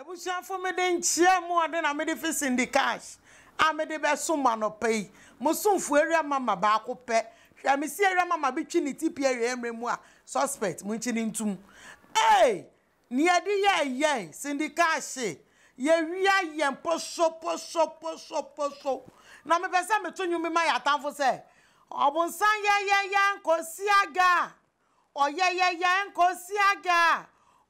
ebusuafo mi de nkyia mu ɔde na mi de fi sindi cash a mi de bɛ so ma nɔpɛ yi mo somfo area mama baako pɛ hwɛ mi si area mama bi twi ne ti pie area mmerɛ mu a suspect mo nkyi ne ntum ee nea de yɛ yɛ sindi cash yɛwia yɛn poso poso poso poso na mi pɛ sɛ mi to nyumi ma yɛ atamfo sɛ ɔbunsan yɛyɛyɛ nkosi aga ɔyɛyɛyɛ nkosi aga.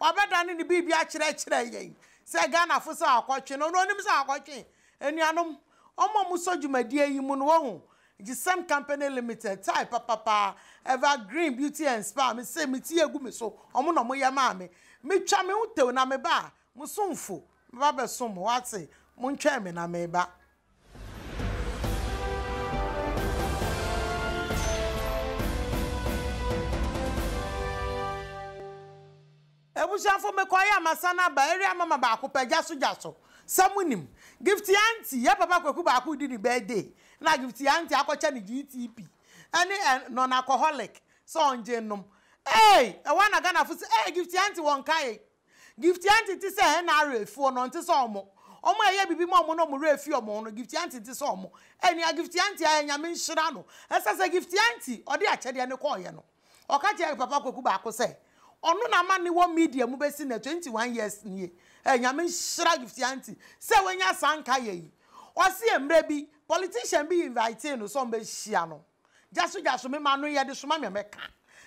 ɔbɛdane ne biribi akyerɛkyerɛ yɛn sɛ ghanafo sɛ akɔtwe no ɔno onim sɛ akɔtwe anuanom ɔma mu sɔ dwumadie yi mu no wɔhu gisem company limited tie papapa evergreen beauty and spa mi se me tie gu me so ɔmo na ɔmo yɛ maa ho tew na ba mo somfo ba mo ntwɛn na ebusuafo mekɔ ya amasa na eri amama baako pɛ gyaso gyaso sɛmu nim gifti anti ya papa kwaku baako di ne birthday na gifti anti akɔkyɛ ne gtp ɛne non-alcoholic sɛ ɔngye nom ee ɛwɔ na ghana fo sɛ ee gifti anti wɔn kae gifti anti ti sɛ nra efuo no nti sɛ bibi mo gifti anti ti gifti anti no gifti anti ɔno na ama ne wɔ media mu bɛsi na twenty one years nie ɛnyame nhyira gift aunty sɛ wɔnya saa nka yɛ yi ɔsi mmerɛ bi politician bi invite no sɛ ɔmbɛ hyia no gyaso gyaso mi ma no yɛ de soma mi mɛka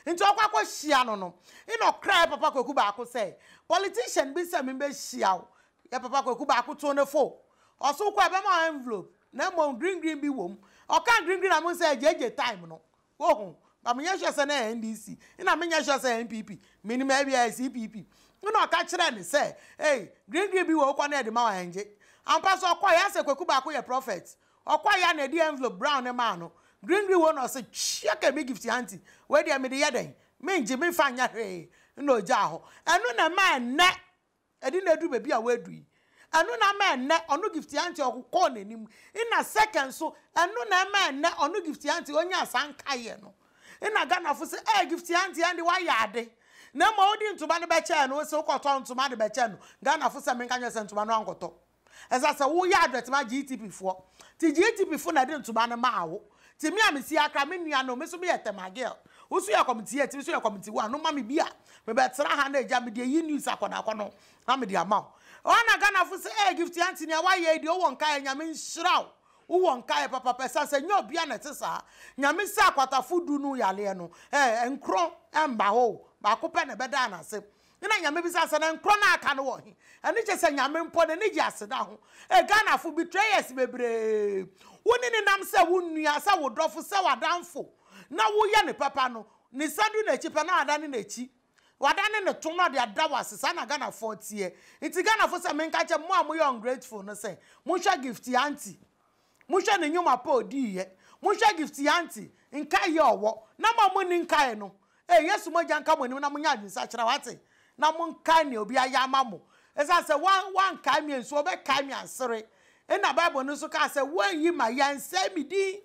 nti ɔkɔ akɔ hyia no no ɛna ɔkra yɛ papa kɔku baako sɛ politician bi sɛ mi bɛ hyia o yɛ papa kɔku baako to ne fo ɔso kɔ ɛbɛma envelope na mmom green green bi wɔ mu ɔka green green na mo sɛ gyegye time no wɔho. bamenyɛhwɛ sɛ na ndc na menyɛhwɛ sɛ npp menim abia cpp na ɔka kyerɛ ne sɛ ei green green bi wɔ wokɔ na ɛde ma wɔangye ampa so ɔkɔ yɛ asɛ kwaku baako yɛ prophet ɔkɔ yɛ na ɛdi envelope brown ne maa no green green wɔ na ɔsɛ kyia ka mi gift mede yɛ dɛn mengye memfa hwee hɔ ɛno na ma ɛnɛ ɛde na baabi a na na so gift onye asanka yɛ na Ghana sɛ eh gifti auntie andi wayɛ ade na ma odi ntoma no bɛkyɛ no sɛ wokɔtɔ ntoma de bɛkyɛ no Ghana fo sɛ menka nyɛ sɛ ntoma no ankɔtɔ ɛsɛ sɛ woyɛ adwetema GTP foɔ ti GTP fo na de ntoma no maa wo ti mi a mi si akra mi nua no mi so mi yɛ tɛma girl yɛ kɔmiti yɛ ti mi so yɛ kɔmiti wa no ma mi bi a mi bɛ tena ha na egya mi de yi news akɔda no na mi de ama wo wɔn Ghana fo sɛ eh gifti auntie ni a wayɛ di owó nka yɛ nyame nhyira wowɔ nkaeɛ papapɛ sa sɛ nyɛ obia ne te saa nyame sɛ akwatafo du no yaleɛ no nkoro mba hɔ baako pɛ ne bɛda anase na nyame bi sa sɛ na nkorɔ no aka no wɔ he ɛne kyɛ sɛ nyame mpɔ no ne gye aseda ho e ghanafo bi trayers bebree wo ne ne nam sɛ wo nnua sɛ wo dɔfo sɛ wadamfo na woyɛ ne papa no ne sa du n'akyi pɛ na ada ne n'akyi wada ne ne tom na de ada wase saa na ghanafoɔ teɛ nti ghanafoɔ sɛ menka kyɛ mo a moyɛ ungrateful no sɛ monhwɛ gift anti monhwɛ ne nnwoma pa odiiɛ monhwɛ gifti nka nkaeɛ ɔwɔ na ma mo ni nka no ee eh, yesu mogya nka mo anim na monyɛ adwensa kyerɛ wate na monkae obi ayɛ ama mo ɛsiane sɛ woankae me wɔbɛkae me asere ɛna bible no nso kaa sɛ woanyi ma yɛnsɛ me din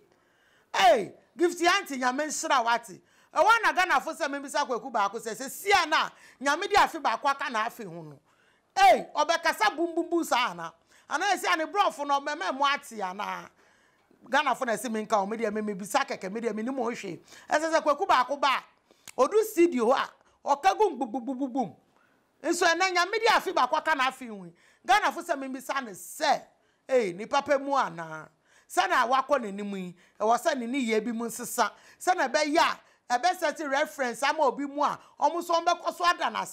ee eh, gifti nyame nhyira wate na ghanafo sɛ membisa kwaku baako sɛ sɛ sia no a nyame de afe baako aka ho no ee eh, ɔbɛkasa bumbumbu saa ana ghana fo mi nka ɔmo deɛ bisa kɛkɛ mi deɛ mi ni mo hwɛ ɛsɛ sɛ kwaku a ɔka gum gbugbugbugbum nso ɛnɛ nyame de baako aka na afi hu ghana fo mmiri mi bisa ne sɛ ee nipa mu ana sɛnɛ wakɔ n'anim yi ɛwɔ sɛ ne ne bi mu nsesa sɛnɛ ya a ɛbɛsɛ ti reference ama obi mu a ada nam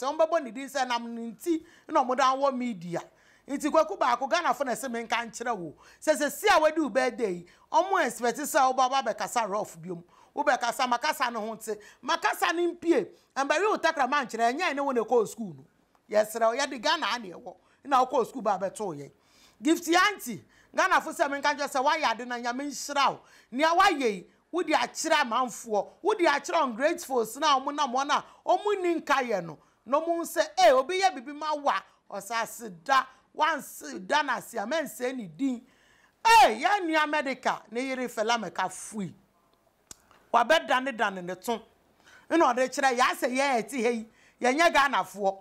nti kwaku baako ghana fo na ɛsɛ me nka nkyerɛ wo sɛ sɛ si a wadi wo bɛɛda ɔmo expect sɛ woba woba bɛkasa rof biom wobɛkasa makasa no ho makasa no mpie mbɛwe wo takra ma nkyerɛ ɛnyɛ ne wo na ɛkɔɔ no yɛserɛ wo yɛde na wokɔɔ bɛtoo gifti anti ghana fo sɛ me nka nkyerɛ sɛ woayɛ ade na nyame nhyira wo yi wode akyerɛ amanfoɔ wode akyerɛ ungratefuls na wansi da na si ame nse ni din ee ya nua medica e ne yere fela meka fui wabɛ dane dane ne to ɛna ɔde kyerɛ yasɛ yɛ ɛti hɛ yi yɛnyɛ ghanafoɔ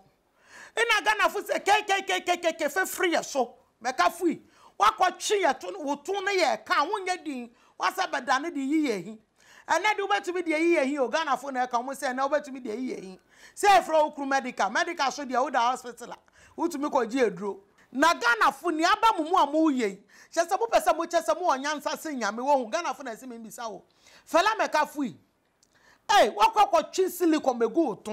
ɛna ghanafo sɛ kekekekeke fɛfiri yɛ so meka fui wakɔtwe ya to wotu ne yɛ ka wonyɛ din wasɛ bɛ dane de yi yɛ hi ɛnɛ de wobɛtumi deɛ yi yɛ hi o ghanafo na ɛka wɔn sɛ ɛnɛ e wobɛtumi deɛ yi yɛ hi sɛ efura okuru medica medica so deɛ woda hospital a wotumi kɔ gye eduro. na ghana fo ni aba mu mu a mo yɛ yi kyɛ sɛ mopɛ sɛ mokyɛ sɛ mowɔ nyansa se nyame wɔhu ghana fo na ɛsɛ membisa wo fɛla mɛka fo yi ei wɔkɔkɔtwe silicon mɛgu wo to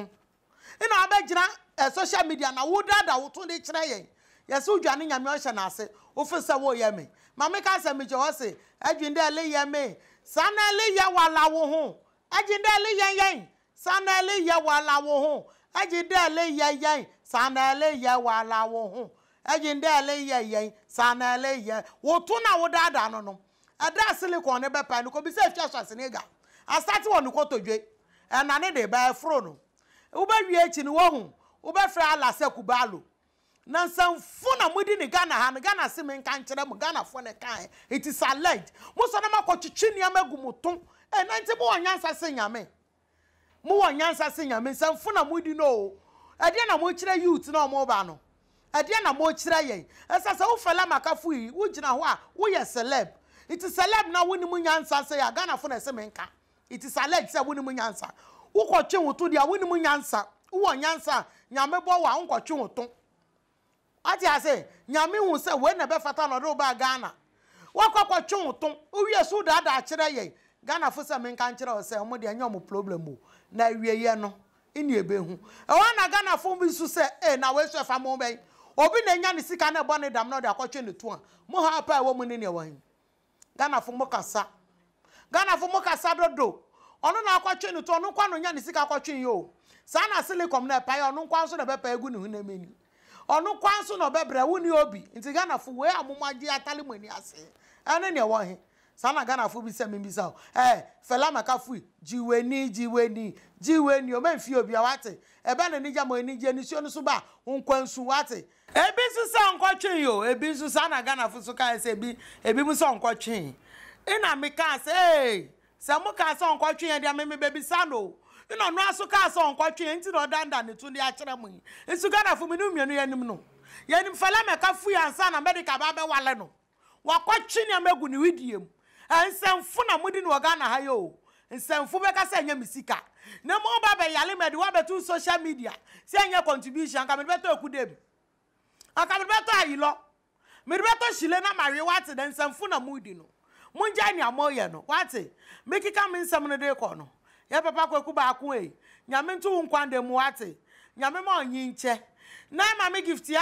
na abɛgyina ɛ eh, social media na wodaada wo to de kyerɛ yɛn yɛsɛ wodwane nyame ɔhyɛ n'ase wofe sɛ woyɛ me ma meka sɛ mekyɛ hɔ se adwen dɛ ɛle yɛ me saa na ɛle yɛ wala wo ho agye dɛ ɛle yɛ yɛn saa na ɛle wala wo ho agye dɛ ɛle yɛ yɛn saa na wala wo ho eji ndị ele ihe ihe saa na ele ihe wotu na woda ada no no ada silicon ne bepa no ko bi se fia swase ne ga asate wonu ko todwe na ne de ba fro no ụba ba wie echi na wo hu wo ba ala se kubalo na nsamfo na mudi ni Ghana ha ni Ghana se me nka nkyere mu Ghana fo na kan it is alleged mo so na makotwitwi niam agumuto e na mụ mo wanyansa se nyame mo wanyansa se nyame nsamfo na mudi no ade na mo kire youth na mo ba no ɛdeɛ na kyerɛ yɛn ɛsɛ sɛ wofɛla makafo yi wogyina hɔ a woyɛ celeb nti celeb na wonim nyansa sɛ yɛ aghanafo na ɛsɛ menka nti salɛg sɛ wonim nyansa wokɔtwe wo a nyame bɔ a wonkɔtwe wo to ase nyame hu sɛ wei na ɛbɛfata na ɔde wobaa ghana wɔkɔkɔtwe wo to wowie so daadaa kyerɛ yɛn ghanafo sɛ menka nkyerɛ wo sɛ ɔmo deɛ ɛnyɛ ɔmo problem o na awieɛ no ne ɛbɛhu ɛhɔ na ghanafo bi sɛ e na ɛfa mo obi na-enya ni sika na bani dam na de akwache ne tuan mo ha pa ewo mu ni ne wan gana fo mo kasa gana fo mo kasa dodo ono na akwache ne tuan no kwa no nya ni sika akwache yo sa na silicon na pa ono kwa so na be pa egu ne hu na meni ono kwa so na be bra wuni obi nti gana fo we amumaji atali mani ase ene ne wan he gana na bi afọ bisa mmisa o ee fela maka fui jiwe ni jiwe ni jiwe ni o mefi obi a wate ebe na ni jamo ni je ni sio nusu ba nkwansu wate ebi nso sa nkwatwe yo ebi nso sa na gana afọ so kai e se ebi ebi mu so nkwatwe ina mi ka se eh se mu ka so nkwatwe ya dia me me bebi sa no ina no aso ka so nkwatwe nti no danda ne tundi a kyerɛ mu nsu gana afọ mi no mienu ya nim no ya nim fela maka fui ansa na medical ba be wale no wakɔtwe ne amagu ne widie mu nsɛmfo na mode ne ɔga na ha yɛ o nsɛmfo bɛka Na ɛnyɛ me sika na ma ɔba bɛyale mɛde woabɛto social media sɛ ɛnyɛ contribution anka mede bɛtɔ aku dam anka mede bɛtɔ ayilɔ mede bɛtɔ Shile na mawe na no no no de no papa baako e. nkwa mu ma na ma me gift ya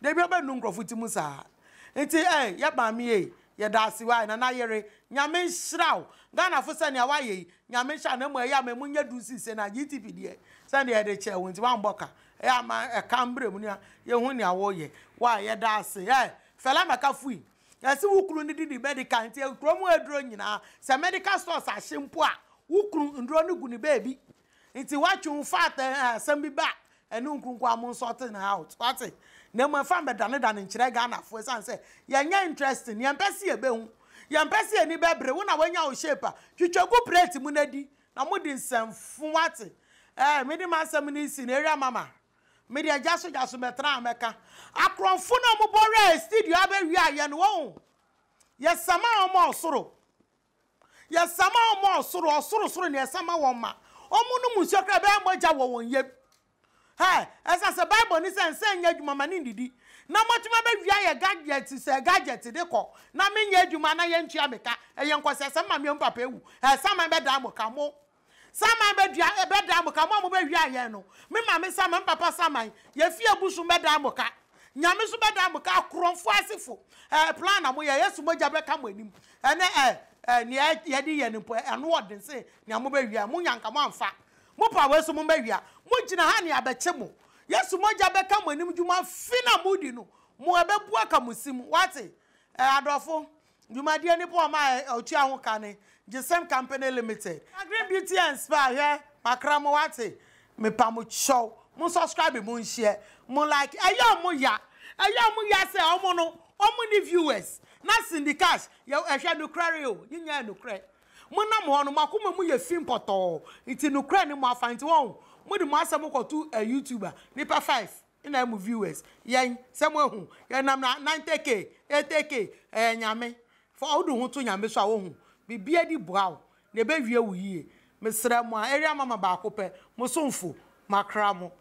debi nnukwu ofu ti mu saa nti ɛ eh, yɛ maame yie yɛda si wa nana yere nyame nhyira wo ghanafo sɛnea woayɛ yi nyame na mmom ɛyɛ ama mu eh, e nyɛ sɛ eh, na gtp deɛ na yɛde kyɛ wo nti woambɔ ɛyɛ ama ɛka wa yɛda ase ɛ fɛla maka fui yɛsi ne didi nti mu nyinaa sɛ stores ahye mpo a nduro gu nti bi ba ɛne amu out wate na mmom fa mbɛdane dane nkyerɛ ghanafoɔ ɛsiane sɛ yɛnyɛ nye yɛmpɛ si yɛbɛhu yɛmpɛ si yɛni bɛbere wo na wenya wo shape a twitwa gu plate mu no na mode nsɛmfo ate ɛɛ mede ma asɛm no si na ɛwia mama mede agya so gya so mɛtena a mɛka akorɔmfo no ɔmobɔ rɛ studio abɛwie a yɛne wɔn yɛsama ɔmɔ ɔsoro yɛsama ɔmɔ ɔsoro ɔsorosoro ne yɛsama wɔn ma ɔmo no mu nsuo kora bɛyɛ wɔ wɔn Hey, ɛsɛ sɛ bible ni sɛ nsɛn nyɛ adwuma ma ne ndidi na mɔtuma bɛ wia yɛ gadget sɛ gadget de kɔ na mi nyɛ adwuma na yɛ ntua e mi ka ɛyɛ nkɔsɛ sɛ maame yɛn papa ewu ɛsaman bɛ da mo ka mo saman bɛ dua bɛ e da mo ka mo a mo bɛ wia yɛn no mi maame saman papa saman yɛ fi ebusu bɛ da mo ka nyame nso bɛ da mo ka akorɔfo asefo ɛɛ e, plan na mo yɛ yesu mogya bɛ ka mo anim ɛnɛ ɛɛ ɛɛ nea yɛde yɛ ne ɛno mo pa wei so mo mbɛwia mo gyina ha ne abɛkye mo yesu mogya bɛka mo anim dwuma fi na mo di no mo ɛbɛbu aka mo sim wate ɛɛ adɔfo dwumadie nipa ɔma a ɔtua ho ka ne gyesɛm company limited green beauty and spa hwɛ makra mo wate mepa mo kyɛw mo subscribe mo nhyɛ mo like ɛyɛ ɔmo ya ɛyɛ ɔmo ya se ɔmo no ɔmo ne viewers na sindicash yɛ ɛhwɛ nukurɛ o nyinyɛ nukurɛ mo nam hɔ no mo akoma mu yɛ fi mpɔtɔɔ nti nukura ne mo afa nti wɔn mo de mo asɛm kɔtu ɛ eh, youtuber nipa five ɛna ɛmu viewers yɛn sɛm ehu nam na ninety k eighty k ɛɛ eh, nyame fɔ ɔdo ho to nyame so a wɔhu bibi edi bua o na ebe wie wo yie mesrɛ mo a area mama baako pɛ mo so nfo makra mo.